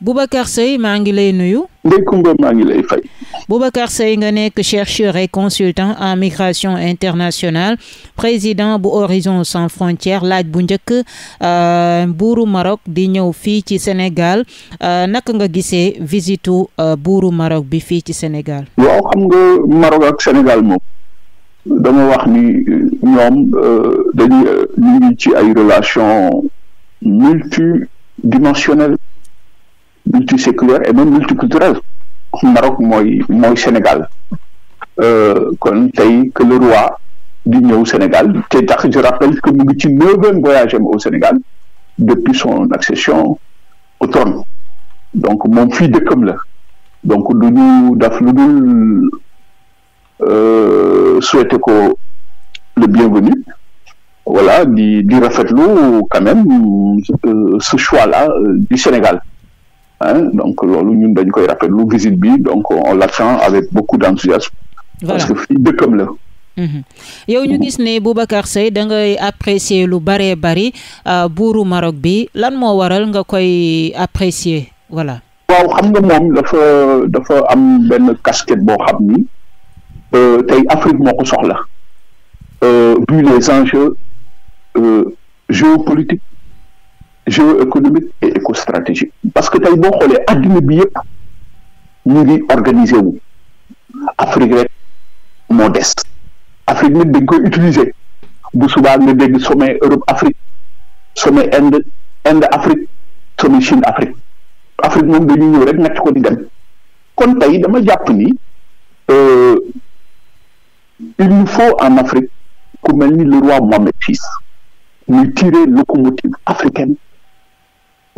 Boubacar Seye maa ngi lay nuyu. Ndeye Comba maa ngi lay fay. Boubacar Seye nga nekk chercheur et consultant en migration internationale président bu Horizon sans frontières laaj bu njëkk euh, buuru Maroc di ñëw fii ci Sénégal euh, naka nga gisee visitu euh, buuru Maroc bi fii ci Sénégal. waaw xam nga Maroc ak Sénégal moom dama wax ni ñoom dañuy ñu ngi ci ay relations multidimensionnelles. multiséculaire et même multiculturel Maroc mooy mooy Sénégal euh, kon tey que le roi di ñëw Sénégal te tax je rappelle que mu ngi ci neuvième voyage am au Sénégal depuis son accession au trône donc moom fii dëkkam la donc du ñu daf lu dul euh, souhaiter ko le bienvenu voilà di di rafetlu quand même euh, ce choix là du Sénégal hein donc loolu ñun dañ koy rafetlu visite bi donc on l'attend avec beaucoup d'enthousiasme parce que fii dëkkam la mhm. yow ñu gis ne Boubacar Seye da ngay apprécier lu bëree bari euh, buuru Maroc bi lan moo waral nga koy apprécier voilà waaw xam nga moom dafa dafa am benn casquette boo xam ni euh, tey Afrique moo ko soxla euh, vu les enjeux géopolitiques géoéconomique et écostratégique parce que tey boo xoolee adduna bi yëpp ñu ngi organisé wu Afrique rek moo des Afrique nit dañ koy utiliser bu subaa nga dégg sommet Europe Afrique sommet Inde Inde Afrique sommet Chine Afrique Afrique moom dañu ñëw rek natt ko di dem kon tey dama jàpp ni euh, il nous faut en Afrique ku mel ni le roi Mohamed VI muy tirer locomotive africaine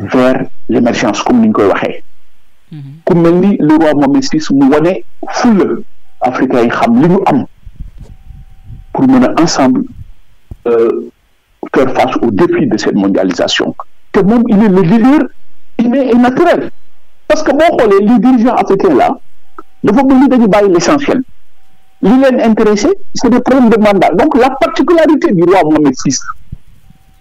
vers l'émergence comme ni ñu koy waxee ku mel ni le roi Mohamed VI mu wane fulla africain yi xam li ñu am pour mën a ensemble euh, faire face aux défis de cette mondialisation te moom il est le leader inné et naturel parce que boo xoolee les dirigeants africains là dafa mel ni dañu bàyyi l'essentiel li leen intéressé c'est des problèmes de mandat donc la particularité du roi Mohamed VI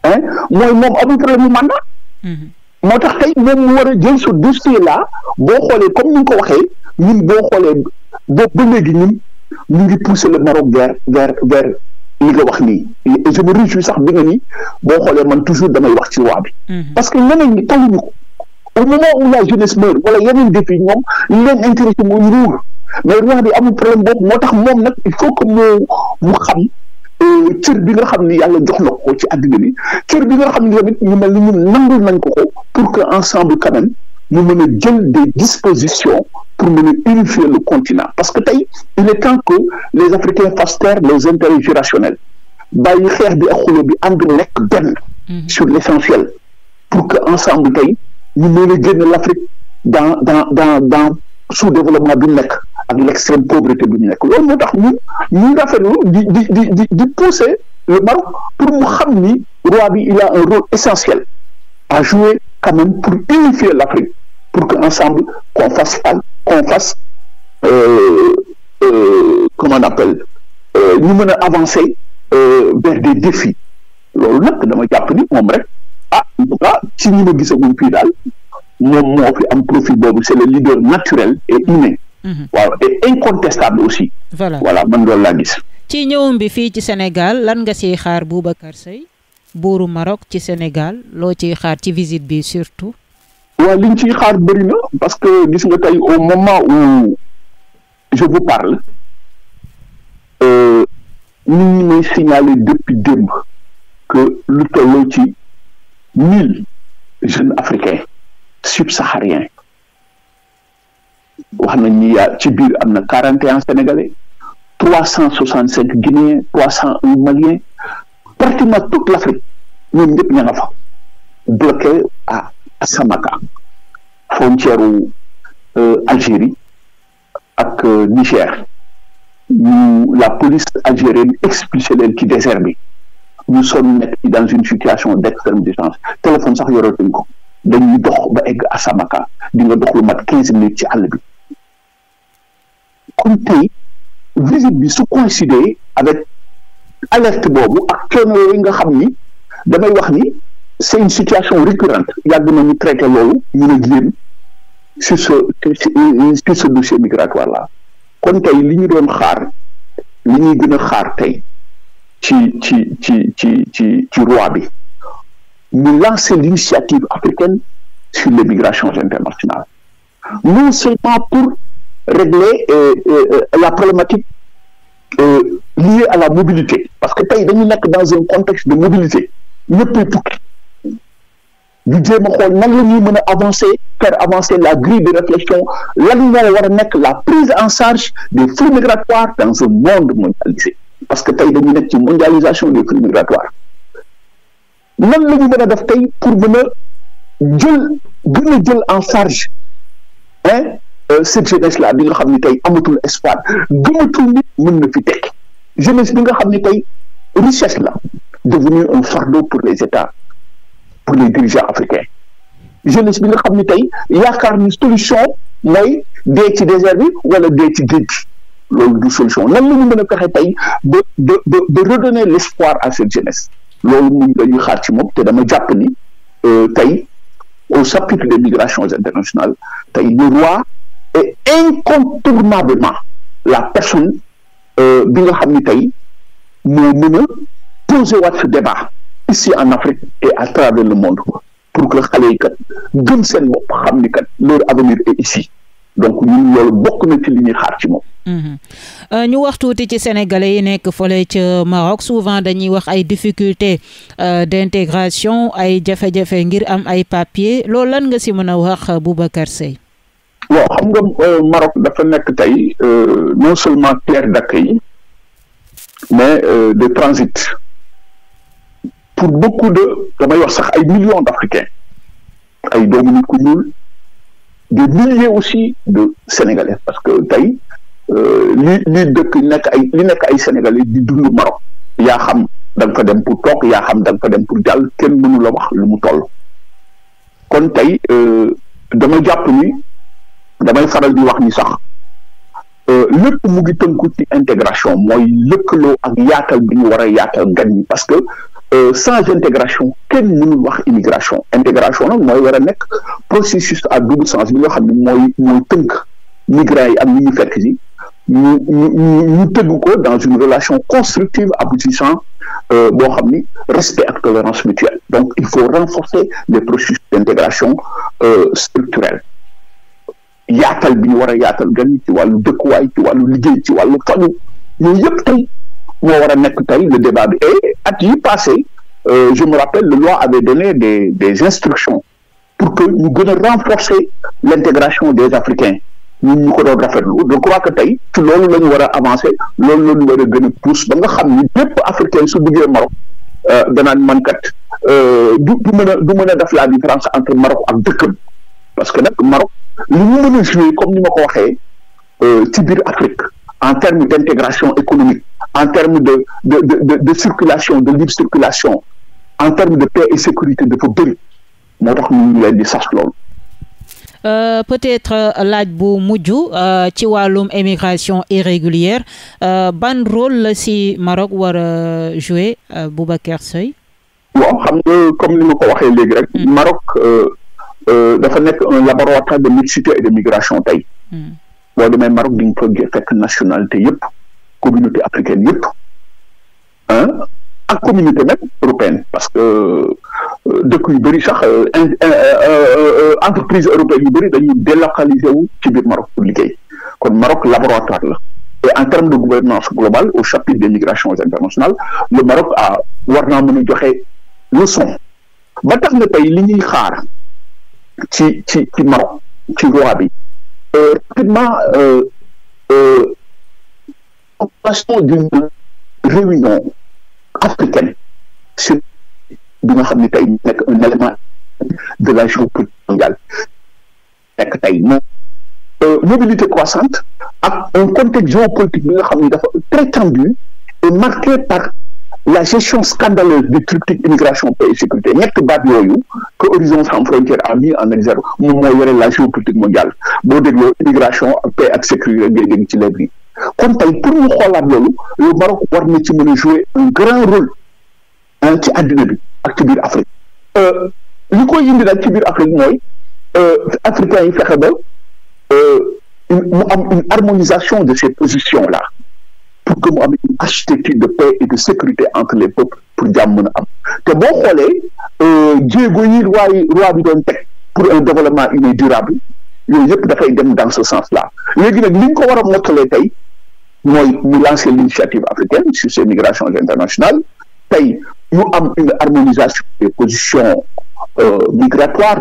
hein mooy moom amul problème mu mandat mm-hmm. moo tax tey moom mu war a jël su dossier là boo xoolee comme ni nga ko waxee ñun boo xoolee boobu ba léegi ñun ñu ngi pousser le Maroc vers vers vers li nga wax nii et je me réjouis sax bi nga ni boo xoolee man toujours damay wax ci waa bi. Mm-hmm. parce que ñeneen ñi taluñu ko au moment où la jeunesse meurt wala yeneen défi ñoom li leen intéressé mooy nguur mais roi bi am problème boobu moo tax moom nag il faut que mu mu xam. cër bi nga xam ni yàlla jox na ko ci àddina bi cër bi nga xam ni tamit ñu mel ni ñun nangul nañ ko ko pour que ensemble quand même ñu mën a jël des dispositions pour mën a unifier le continent parce que tey il est temps que les Africains fassent taire les intérêts générationnels bàyyi xeex bi ak xuloo bi ànd nekk benn mhm. sur l'essentiel pour que ensemble tey ñu mën a génn l'Afrique dans dans dans dans sous développement bi mu nekk ak l' extrême pauvreté bu nekk loolu moo tax ñu ñu rafetlu di di di di di pousser le Maroc pour mu xam ni roi bi il a un rôle essentiel à jouer quand même pour unifier l' Afrique pour que qu'on fasse qu'on fasse euh, euh on appelle euh, ñu mën a avancer euh, vers des défis loolu nag dama jàpp ni moom rek ah en tout cas fii daal moom moo am profil boobu c' est le leader naturel et inné. Mhm. waaw et incontestable aussi. voilà man loolu laa gis. ci ñëwum bi fii ci Sénégal lan nga siy xaar Boubacar Seye buuru Maroc ci Sénégal loo ciy xaar ci visite bi surtout. waaw liñ ci xaar bëri parce que gis nga tey au moment où je vous parle euh, nit ñi may signaler depuis démb que lu tolloo ci mille jeunes africains subsahariens wax nañ ni yaa ci biir am na quarante et un sénégalais trois cent soixante cinq guinéens trois cent un maliens pratiquement toute l' Afrique ñoom ñëpp ña nga fa bloqué à Samaka frontière euh, Algérie ak euh, Niger ñu la police algérienne expulsé leen ci désert bi ñu sonn nekk dans une situation d' extrême urgence téléphone sax yoratuñ ko dañuy dox ba egg à Samaka di nga dox lu mat quinze minutes ci àll bi comme tey visite bi su coïncider avec alerte boobu ak coono yooyu nga xam ni damay wax ni c' est une situation récurrente yàgg nañu traité loolu ñu ne jéem sur ce sur ce dossier migratoire là kon tey li ñu doon xaar li ñuy gën a xaar tey ci ci ci ci ci ci roi bi mu lancer l'initiative africaine sur les migrations internationales non seulement pour régler euh, euh, la problématique euh, liée à la mobilité parce que tey dañu nekk dans un contexte de mobilité ñëppay tukki du jéem a xool nan la ñuy mën a avancé faire avancer la grille de réflexion lan moo a nekk la prise en charge des flux migratoires dans un monde mondialisé parce que tey dañu nekk ci mondialisation des flux migratoires nan la ñu mën a def tey pour mën a jël gën en charge Euh, cette jeunesse là bi nga xam ni tey amatul espoir gëmatul nit mën na fi tekki jeunesse bi nga xam ni tey richesse la devenue un fardeau pour les états pour les dirigeants africains jeunesse bi nga xam ni tey yaakaar ni solution mooy dee ci désert bi wala dee ci géej gi loolu du solution lan la ñu mën a fexe tey ba ba ba ba redonner l' espoir à cette jeunesse loolu moom la ñuy xaar ci moom te dama jàpp ni euh, tey au chapitre des migrations internationales tey le roi et incontournablement la personne euh, bi nga xam ni tey moo mën a poser débat ici en Afrique et à travers le monde pour que xale yi kat gën seen bopp xam ni kat leur avenir est ici donc ñun bokk na ci li xaar ci moom. Mm-hmm. Euh, ñu wax tuuti ci sénégalais yi nekk fële ca Maroc souvent dañuy wax ay difficultés euh, d'intégration ay jafe-jafe ngir am ay papiers loolu lan nga si mën a wax Boubacar Seye. bon xam nga euh, Maroc dafa nekk tey euh, non seulement terre yi mais euh, de transit pour beaucoup de damay wax sax ay millions d'Africains ay doomu nit ku ñuul des milliers aussi de Sénégalais parce que tey li li dëkk nekk ay li nekk ay Sénégalais di dund Maroc yaa xam da nga fa dem pour toog yaa xam da nga fa dem pour jàll kenn mënu la wax lu mu toll kon tey dama jàpp ni damay faral di wax ni sax euh, lépp mu ngi tënku ci intégration mooy lëkkaloo ak yaatal bi ñu war a yaatal gan yi parce que euh, sans intégration kenn mënul wax immigration intégration nag mooy war a nekk processus à double sens bi nga xam ne mooy mooy tënk migrants yi ak ñi ñu fekk si ñu ñu ñu tëgg ko dans une relation constructive aboutissant euh, boo xam ni respect ak tolérance mutuelle donc il faut renforcer les processus d'intégration structurelle yaatal bi ñu war a yaatal gan yi ci wàllu dëkkuwaay ci wàllu liggéey ci wàllu faju yooyu yëpp tey moo war a nekk tey le débat bi et at yi passé euh, je me rappelle le loi avait donné des des instructions pour que ñu gën a renforcer l'intégration des Africains ñun ñu ko doon rafetlu je crois que tey ci loolu la ñu war a avancer loolu la ñu war a gën a pousse ba nga xam ni bépp Africain su duggee Maroc euh, danaan mankat kat euh, du du mën a mën a def la différence entre Maroc ak dëkkam parce que nag Maroc li mu mën a jouer comme ni ma ko waxee euh, Afrique en termes d' économique en termes de de de circulation de libre circulation en termes de paix et sécurité dafa bëri moo tax ñu ngi leen euh, peut-être euh, laaj bu mujj euh, ci wàllum émigration irrégulière euh, ban rôle la si Maroc war a jouer Boubacar Seye. waaw xam nga comme ni ma ko waxee léegi mm. Maroc Euh, dafa nekk un laboratoire de mixité et de migration tey hmm. boo demee Maroc di nga fa fekk nationalité yëpp communauté africaine yëpp ah ak communauté même européenne parce que euh, dëkk yu bëri sax euh, entreprise européenne yu bëri dañuy délocaliser wu ci biir Maroc pour kon Maroc laboratoire la et en termes de gouvernance globale au chapitre des migrations internationales le Maroc a war naa joxe leçon ba tax na xaar ci ci ci Maroc ci loi bi rapidement population d'une réunion africaine sur bi nga xam ne tey nekk un élément de la géopolitique mondiale mobilité croissante ak un contexte géopolitique bi nga xam ne et marqué par la gestion scandaleuse du triptyque immigration paix et sécurité ñett baat yooyu que Horizon Sans Frontières a mis en exergue moom moo yore la géopolitique mondiale boo dégloo immigration paix ak sécurité ngay dégg ci lépp kon tey pour ñu xoolaat loolu le Maroc war na ci mën a jouer un grand rôle ci àddina bi ak ci biir Afrique euh, li koy indi nag ci biir Afrique mooy euh, africains yi fexe euh, mu am une harmonisation de ces positions là pour que mu am une architecture de paix et de sécurité entre les peuples pour jàmm am te boo xoolee euh, jéego yi waaye roi bi doon teg pour un développement humain durable yooyu yëpp dafay dem dans ce sens là léegi nag li ñu ko war a tey mooy mu lancer l'initiative africaine sur ces migrations internationales mu am une harmonisation des positions euh,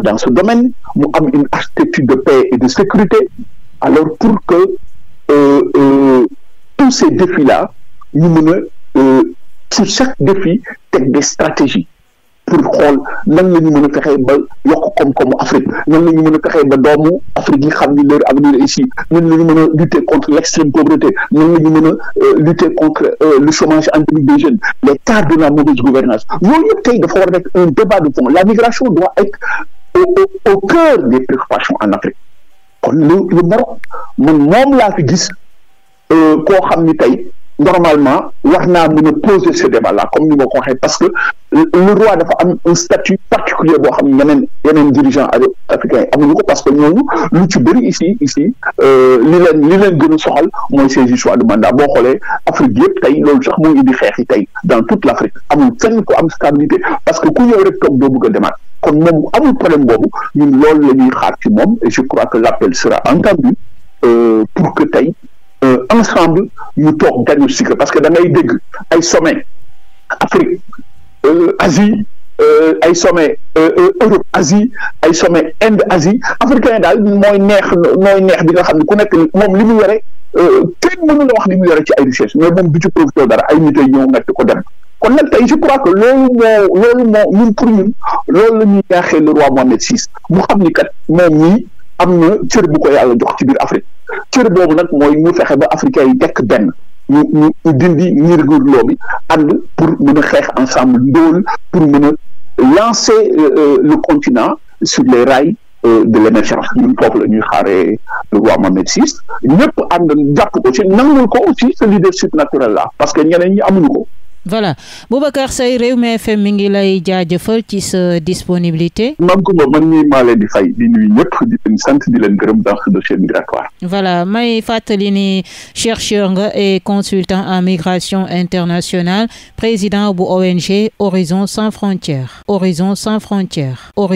dans ce domaine mu am une architecture de paix et de sécurité alors pour que euh, euh, tous ces défis là ñu mën a sur euh, chaque défi teg des stratégies pour xool nan la ñu mën a fexee ba yokk koom-koomu Afrique nan la ñu mën a fexee ba doomu Afrique yi xam ni leur avenir est ici nan la ñu mën a lutter contre l'extrême pauvreté nan la ñu a euh, lutter contre euh, le chômage endémique des jeunes les tares de la mauvaise gouvernance yooyu yëpp tey dafa war a nekk un débat de fond la migration doit être au au cœur des préoccupations en Afrique le Maroc man moom laa fi gis Euh, koo xam ni tey normalement wax naa mën a poser ce débat là comme ni ma ko waxee parce que le roi dafa am un statut particulier boo xam ne yeneen yeneen dirigeant africain yi ko parce que ñooñu lu ci bëri ici ici euh, li leen li leen gën a soxal mooy ces histoires de mandat boo xoolee Afrique yëpp tey loolu sax moo indi xeex yi tey dans tout l' Afrique amul fenn ko am stabilité parce que ku ñëw rek toog doo bëgg a kon moom amul problème boobu ñun loolu la ñuy xaar ci moom et je crois que euh, tey Euh, ensemble ñu toog diagnostic parce que da ngay dégg ay sommet Afrique euh, Asie euh, ay sommet Europe Asie ay sommet Inde Asie africain daal mooy neex mooy neex bi nga xam ne ku nekk moom li mu yore kenn mënu la wax li mu yore ci ay richesse mais moom du ci profité dara ay nit ay ñëw nag di ko dem kon nag tey je crois que loolu moo loolu moo ñun pour ñun loolu la ñuy roi Mohamed VI mu xam ni kat moom ñii am na cër bu ko yàlla jox ci biir Afrique cere boobu nag mooy ñu fexe ba africain yi tekk benn ñu ñu ñu dindi ñirgurloo bi ànd pour mën a xeex ensemble ndóol pour mën a lancer euh, euh, le continent sur les rails euh, de l'émergence ñun foofu la ñuy xaaree le roi Mohamed VI ñëpp ànd jàpp ko ci nangul ko aussi ce leadership naturel là parce que ñeneen ñi amuñu ko voilà Boubacar Seye Rewmi FM mi ngi lay jaajëfal ci sa disponibilité. Mame Coumba man mii maa di fay di nuyu ñëpp di leen sant di leen dans ce dossier migratoire. voilà may fàttali ni chercheur nga et consultant en migration internationale président bu ONG Horizon sans frontières Horizon sans frontières.